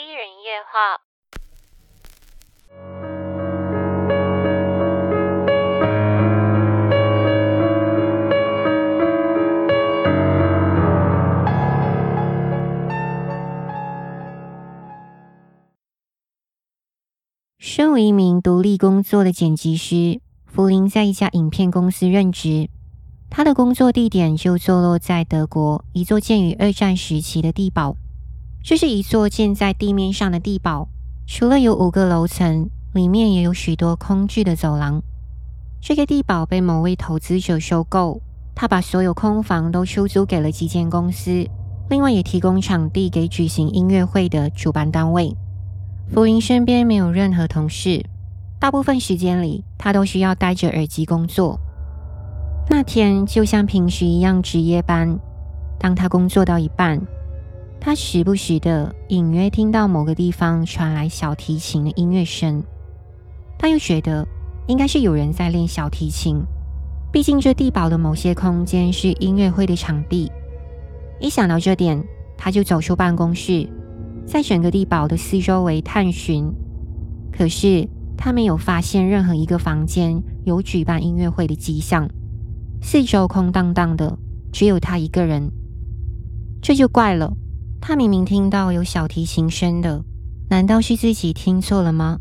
一人夜話。身為一名獨立工作的剪輯師，弗林在一家影片公司任職。他的工作地點就坐落在德國，一座建於二戰時期的地堡。這是一座建在地面上的地堡，除了有五個樓層，裡面也有許多空置的走廊。這個地堡被某位投資者收購，他把所有空房都出租給了幾間公司，另外也提供場地給舉行音樂會的主辦單位。弗林身邊沒有任何同事，大部分時間裡他都需要戴着耳機工作。那天就像平時一樣值夜班，當他工作到一半。他時不時的隱約聽到某個地方傳來小提琴的音樂聲，他又覺得應該是有人在練小提琴。畢竟這地堡的某些空間是音樂會的場地。一想到這點，他就走出辦公室，在整個地堡的四周圍探尋。可是他沒有發現任何一個房間有舉辦音樂會的跡象，四周空蕩蕩的，只有他一個人。這就怪了。他明明聽到有小提琴聲的，難道是自己聽錯了嗎？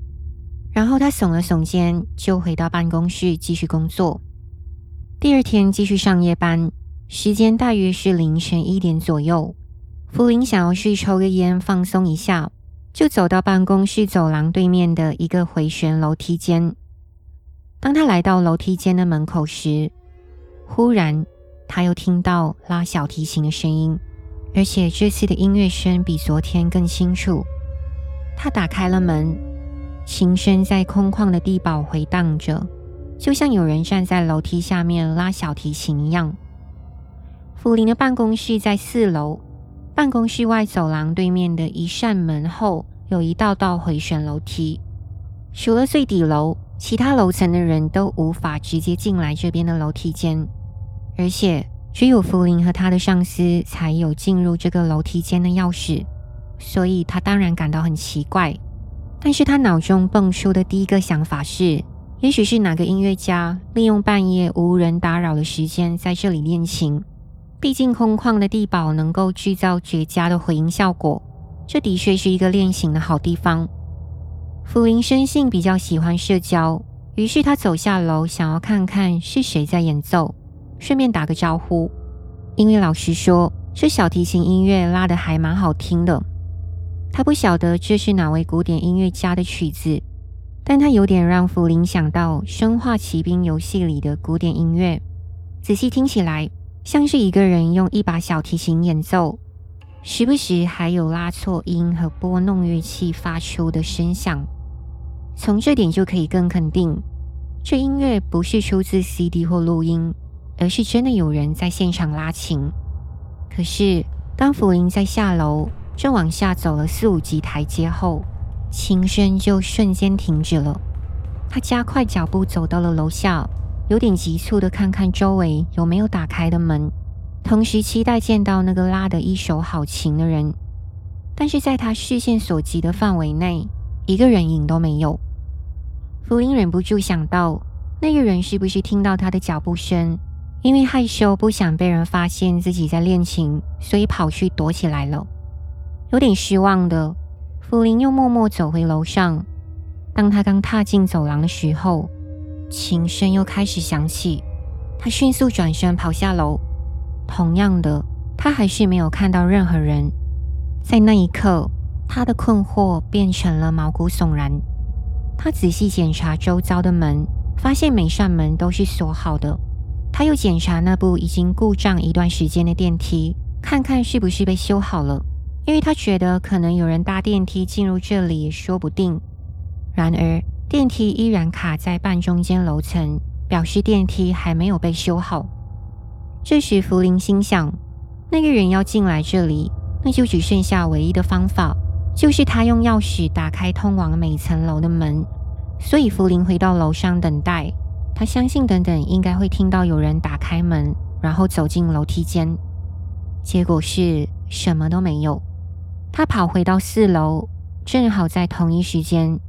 然後他聳了聳肩，就回到辦公室繼續工作。第二天繼續上夜班，時間大約是凌晨一點左右。弗林想要去抽個煙放鬆一下，就走到辦公室走廊對面的一個回旋樓梯間。當他來到樓梯間的門口時，忽然他又聽到拉小提琴的聲音。而且這次的音樂聲比昨天更清楚。他打開了門，琴聲在空曠的地堡回盪着，就像有人站在樓梯下面拉小提琴一樣。弗林的辦公室在四樓，辦公室外走廊對面的一扇門後有一道道回旋樓梯。除了最底樓，其他樓層的人都無法直接進來這邊的樓梯間，而且，只有弗林和他的上司才有進入這個樓梯間的鑰匙，所以他當然感到很奇怪。但是他腦中蹦出的第一個想法是，也許是哪個音樂家利用半夜無人打擾的時間在這裡練琴。畢竟空曠的地堡能夠製造絕佳的回音效果，這的確是一個練琴的好地方。弗林生性比較喜歡社交，於是他走下樓，想要看看是誰在演奏。順便打個招呼，因為老實說，這小提琴音樂拉得還蠻好聽的。他不曉得這是哪位古典音樂家的曲子，但他有點讓弗林想到《生化奇兵》遊戲裡的古典音樂。仔細聽起來，像是一個人用一把小提琴演奏，時不時還有拉錯音和撥弄樂器發出的聲響。從這點就可以更肯定，這音樂不是出自 CD 或錄音。而是真的有人在現場拉琴。可是，當弗林在下樓，正往下走了四五級台階後，琴聲就瞬間停止了。他加快腳步走到了樓下，有點急促的看看周圍有沒有打開的門，同時期待見到那個拉得一手好琴的人。但是，在他視線所及的範圍內，一個人影都沒有。弗林忍不住想到，那個人是不是聽到他的腳步聲？因為害羞，不想被人發現自己在練琴，所以跑去躲起來了。有點失望的弗林又默默走回樓上。當他剛踏進走廊的時候，琴聲又開始響起。他迅速轉身跑下樓。同樣的，他還是沒有看到任何人。在那一刻，他的困惑變成了毛骨悚然。他仔細檢查周遭的門，發現每扇門都是鎖好的。他又檢查那部已經故障一段時間的電梯，看看是不是被修好了，因為他覺得可能有人搭電梯進入這裡也說不定。然而，電梯依然卡在半中間樓層，表示電梯還沒有被修好。這時，弗林心想，那個人要進來這裡，那就只剩下唯一的方法，就是他用鑰匙打開通往每層樓的門。所以，弗林回到樓上等待。他相信，等等，應該會聽到有人打開門，然後走進樓梯間。結果是什麼都沒有。他跑回到四樓，正好在同一時間，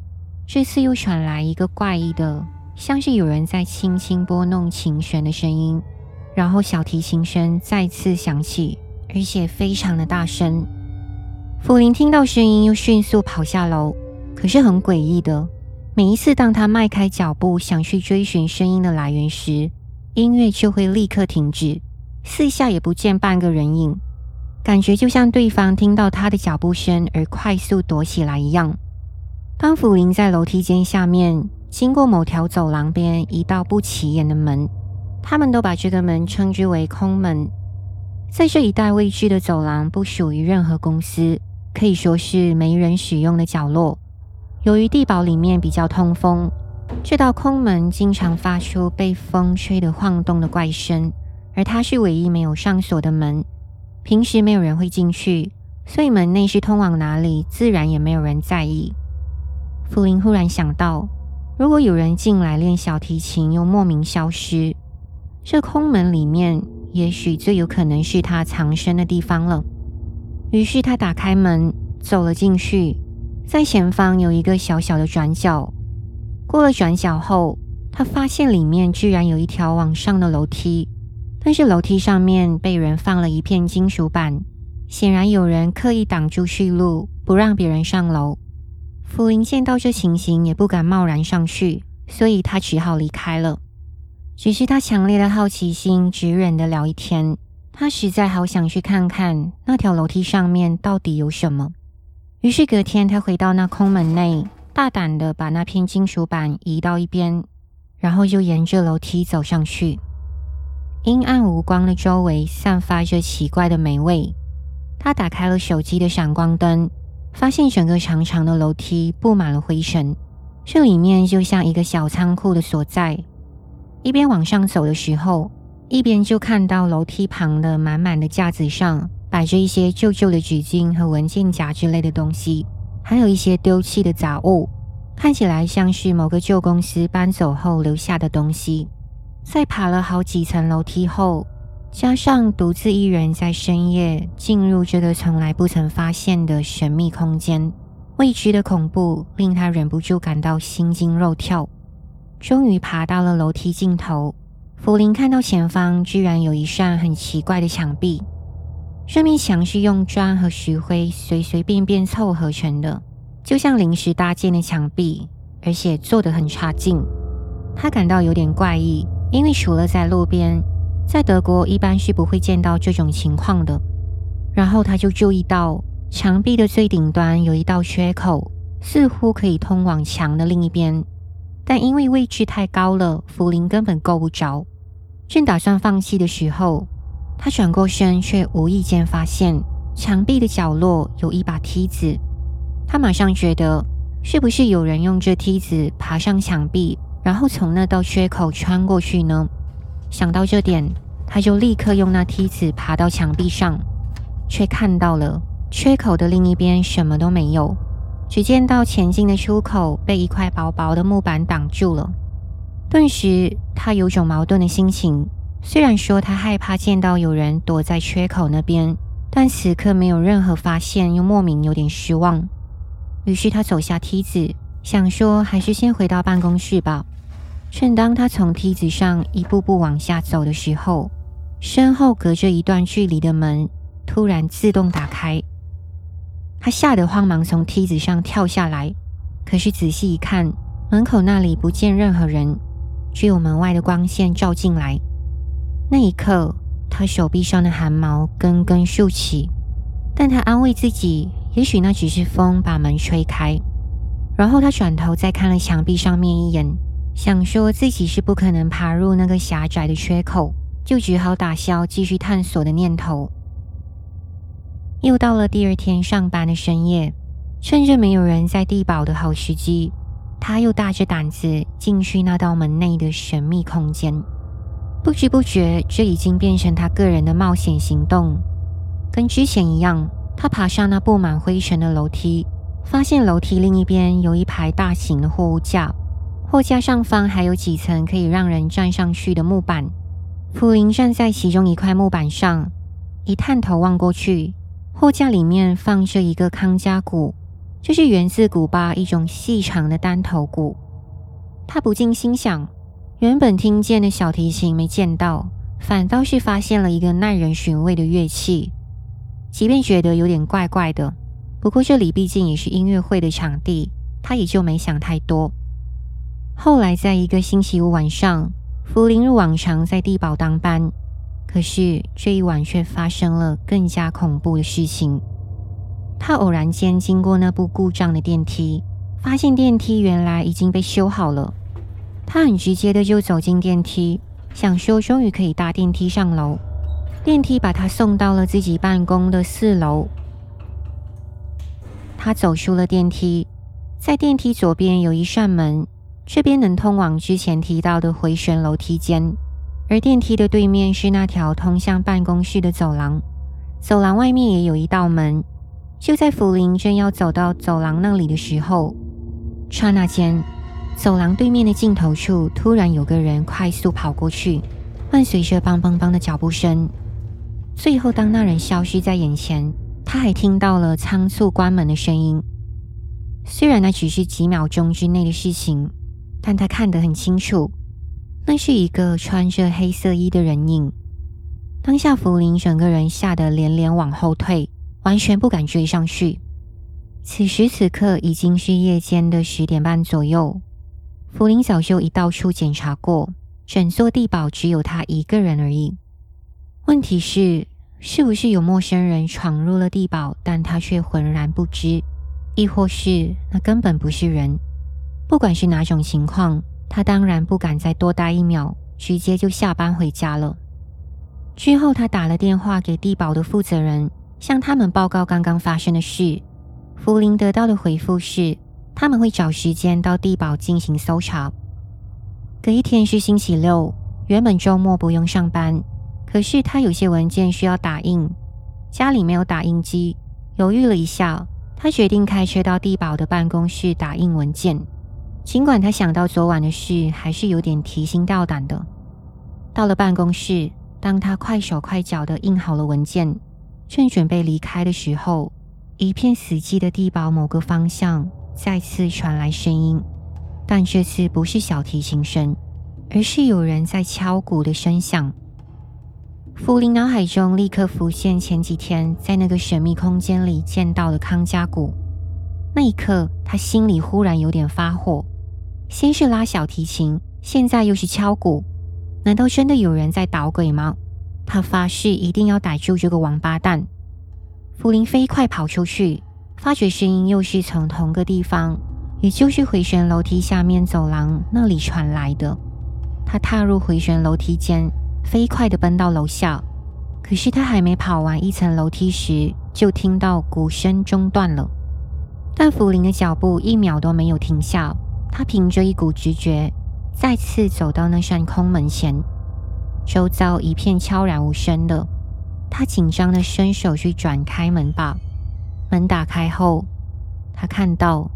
這次又傳來一個怪異的，像是有人在輕輕撥弄琴弦的聲音，然後小提琴聲再次響起，而且非常的大聲。弗林聽到聲音，又迅速跑下樓，可是很詭異的。每一次，當他邁開腳步想去追尋聲音的來源時，音樂就會立刻停止，四下也不見半個人影，感覺就像對方聽到他的腳步聲而快速躲起來一樣。當弗林在樓梯間下面經過某條走廊邊一道不起眼的門，他們都把這個門稱之為空門。在這一帶位置的走廊，不屬於任何公司，可以說是沒人使用的角落。由於地堡裡面比較通風，這道空門經常發出被風吹得晃動的怪聲，而它是唯一沒有上鎖的門。平時沒有人會進去，所以門內是通往哪裡，自然也沒有人在意。弗林忽然想到，如果有人進來練小提琴又莫名消失，這空門裡面也許最有可能是他藏身的地方了。於是他打開門，走了進去。在前方有一個小小的轉角，過了轉角後，他發現裡面居然有一條往上的樓梯，但是樓梯上面被人放了一片金屬板，顯然有人刻意擋住去路，不讓別人上樓。弗林見到這情形也不敢貿然上去，所以他只好離開了。只是他強烈的好奇心，只忍得了一天，他實在好想去看看那條樓梯上面到底有什麼。於是隔天，他回到那空門內，大膽地把那片金屬板移到一邊，然後就沿着樓梯走上去。陰暗無光的周圍散發着奇怪的霉味。他打開了手機的閃光燈，發現整個長長的樓梯布滿了灰塵，這裡面就像一個小倉庫的所在。一邊往上走的時候，一邊就看到樓梯旁的滿滿的架子上。擺着一些舊舊的紙巾和文件夾之類的東西，還有一些丟棄的雜物，看起來像是某個舊公司搬走後留下的東西。在爬了好幾層樓梯後，加上獨自一人在深夜進入這個從來不曾發現的神秘空間，未知的恐怖令他忍不住感到心驚肉跳。終於爬到了樓梯盡頭，弗林看到前方居然有一扇很奇怪的牆壁。這面牆是用磚和石灰隨隨便便湊合成的，就像臨時搭建的牆壁，而且做得很差勁。他感到有點怪異，因為除了在路邊，在德國一般是不會見到這種情況的。然後他就注意到牆壁的最頂端有一道缺口，似乎可以通往牆的另一邊，但因為位置太高了，弗林根本夠不着。正打算放棄的時候，他轉過身，卻無意間發現牆壁的角落有一把梯子。他馬上覺得，是不是有人用這梯子爬上牆壁，然後從那道缺口穿過去呢？想到這點，他就立刻用那梯子爬到牆壁上，卻看到了缺口的另一邊什麼都沒有，只見到前進的出口被一塊薄薄的木板擋住了。頓時，他有種矛盾的心情。雖然說他害怕見到有人躲在缺口那邊，但此刻沒有任何發現，又莫名有點失望。於是他走下梯子，想說還是先回到辦公室吧。正當他從梯子上一步步往下走的時候，身後隔着一段距離的門突然自動打開，他嚇得慌忙從梯子上跳下來。可是仔細一看，門口那裡不見任何人，只有門外的光線照進來。那一刻，他手臂上的汗毛根根豎起，但他安慰自己，也許那只是風把門吹開。然後他轉頭再看了牆壁上面一眼，想說自己是不可能爬入那個狹窄的缺口，就只好打消繼續探索的念頭。又到了第二天上班的深夜，趁着沒有人在地堡的好時機，他又大着膽子進去那道門內的神秘空間。不知不覺，這已經變成他個人的冒險行動。跟之前一樣，他爬上那布滿灰塵的樓梯，發現樓梯另一邊有一排大型的貨物架，貨架上方還有幾層可以讓人站上去的木板。弗林站在其中一塊木板上，一探頭望過去，貨架裡面放着一個康加鼓，就是源自古巴一種細長的單頭鼓。他不禁心想。原本聽見的小提琴沒見到，反倒是發現了一個耐人尋味的樂器。即便覺得有點怪怪的，不過這裡畢竟也是音樂會的場地，他也就沒想太多。後來在一個星期五晚上，弗林如往常在地堡當班，可是這一晚卻發生了更加恐怖的事情。他偶然間經過那部故障的電梯，發現電梯原來已經被修好了。他很直接的就走進電梯，想說終於可以搭電梯上樓。電梯把他送到了自己辦公的四樓。他走出了電梯，在電梯左邊有一扇門，這邊能通往之前提到的回旋樓梯間，而電梯的對面是那條通向辦公室的走廊。走廊外面也有一道門。就在弗林正要走到走廊那裡的時候，剎那間。走廊對面的盡頭處，突然有個人快速跑過去，伴隨着“砰砰砰”的腳步聲。最後，當那人消失在眼前，他還聽到了倉促關門的聲音。雖然那只是幾秒鐘之內的事情，但他看得很清楚，那是一個穿着黑色衣的人影。當下，弗林整個人嚇得連連往後退，完全不敢追上去。此時此刻，已經是夜間的十點半左右。弗林早就已到處檢查過，整座地堡只有他一個人而已。問題是，是不是有陌生人闖入了地堡，但他卻渾然不知？亦或是那根本不是人？不管是哪種情況，他當然不敢再多待一秒，直接就下班回家了。之後，他打了電話給地堡的負責人，向他們報告剛剛發生的事。弗林得到的回復是，他們會找時間到地堡進行搜查。隔一天是星期六，原本週末不用上班，可是他有些文件需要打印，家裡沒有打印機。猶豫了一下，他決定開車到地堡的辦公室打印文件。儘管他想到昨晚的事，還是有點提心吊膽的。到了辦公室，當他快手快腳的印好了文件，正準備離開的時候，一片死寂的地堡某個方向。再次傳來聲音，但這次不是小提琴聲，而是有人在敲鼓的聲響。弗林腦海中立刻浮現前幾天在那個神秘空間裡見到的康加鼓。那一刻，他心裡忽然有點發火：先是拉小提琴，現在又是敲鼓，難道真的有人在搗鬼嗎？他發誓一定要逮住這個王八蛋。弗林飛快跑出去。發覺聲音又是從同個地方，也就是回旋樓梯下面走廊那裡傳來的。他踏入回旋樓梯間，飛快地奔到樓下。可是他還沒跑完一層樓梯時，就聽到鼓聲中斷了。但弗林的腳步一秒都沒有停下。他憑着一股直覺，再次走到那扇空門前。周遭一片悄然無聲的，他緊張地伸手去轉開門把。門打開後，他看到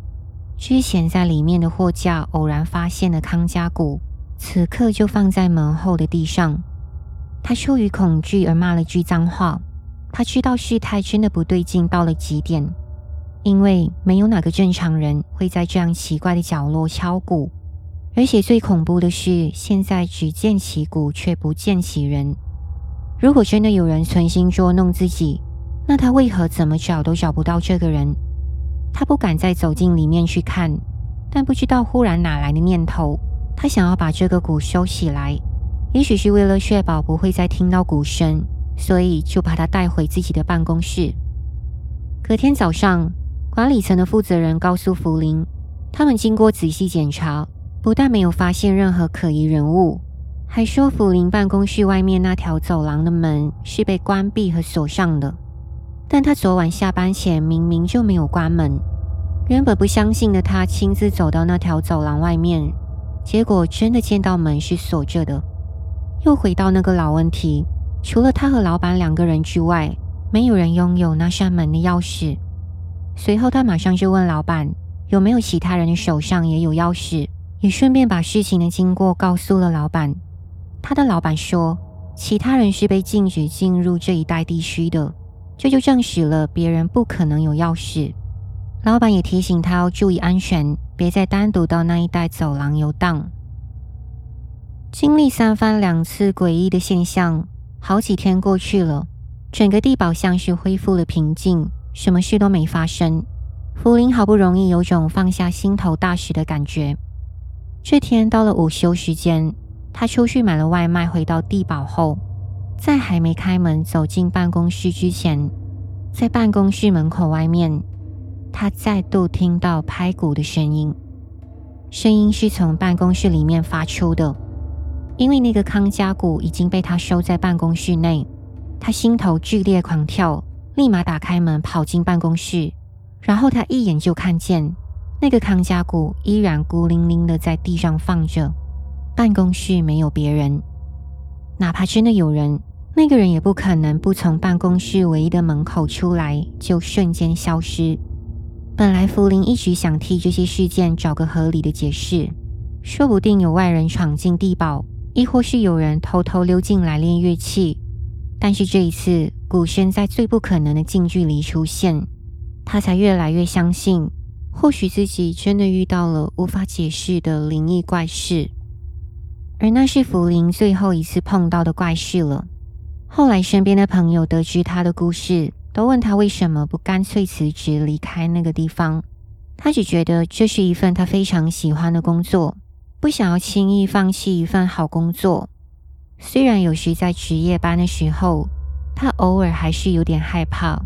之前在裡面的貨架偶然發現了康加鼓，此刻就放在門後的地上。他出於恐懼而罵了句髒話。他知道事態真的不對勁到了極點，因為沒有哪個正常人會在這樣奇怪的角落敲鼓，而且最恐怖的是，現在只見其鼓卻不見其人。如果真的有人存心捉弄自己。那他為何怎麼找都找不到這個人？他不敢再走進裡面去看，但不知道忽然哪來的念頭，他想要把這個鼓收起來，也許是為了確保不會再聽到鼓聲，所以就把他帶回自己的辦公室。隔天早上，管理層的負責人告訴弗林，他們經過仔細檢查，不但沒有發現任何可疑人物，還說弗林辦公室外面那條走廊的門是被關閉和鎖上的。但他昨晚下班前明明就沒有關門，原本不相信的他，親自走到那條走廊外面，結果真的見到門是鎖着的。又回到那個老問題，除了他和老闆兩個人之外，沒有人擁有那扇門的鑰匙。隨後，他馬上就問老闆有沒有其他人的手上也有鑰匙，也順便把事情的經過告訴了老闆。他的老闆說，其他人是被禁止進入這一帶地區的。這就證實了別人不可能有鑰匙。老闆也提醒他要注意安全，別再單獨到那一帶走廊遊蕩。經歷三番兩次詭異的現象，好幾天過去了，整個地堡像是恢復了平靜，什麼事都沒發生。弗林好不容易有種放下心頭大石的感覺。這天到了午休時間，他出去買了外賣，回到地堡後，在還沒開門走進辦公室之前，在辦公室門口外面，他再度聽到拍鼓的聲音。聲音是從辦公室裡面發出的，因為那個康加鼓已經被他收在辦公室內。他心頭劇烈狂跳，立馬打開門跑進辦公室。然後他一眼就看見，那個康加鼓依然孤零零的在地上放着。辦公室沒有別人。哪怕真的有人，那個人也不可能不從辦公室唯一的門口出來就瞬間消失。本來弗林一直想替這些事件找個合理的解釋，說不定有外人闖進地堡，亦或是有人偷偷溜進來練樂器。但是這一次，鼓聲在最不可能的近距離出現，他才越來越相信，或許自己真的遇到了無法解釋的靈異怪事。而那是弗林最後一次碰到的怪事了。後來身邊的朋友得知他的故事，都問他為什麼不乾脆辭職離開那個地方。他只覺得這是一份他非常喜歡的工作，不想要輕易放棄一份好工作。雖然有時在值夜班的時候，他偶爾還是有點害怕，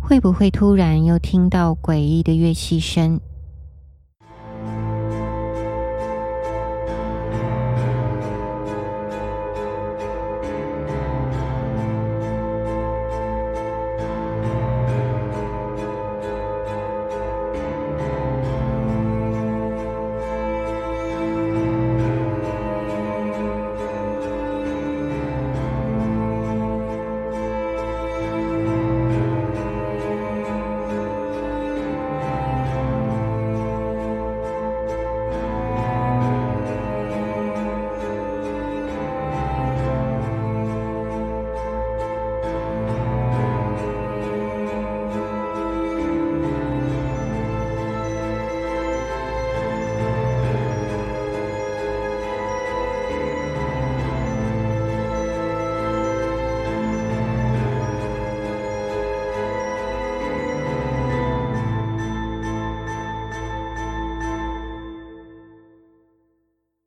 會不會突然又聽到詭異的樂器聲？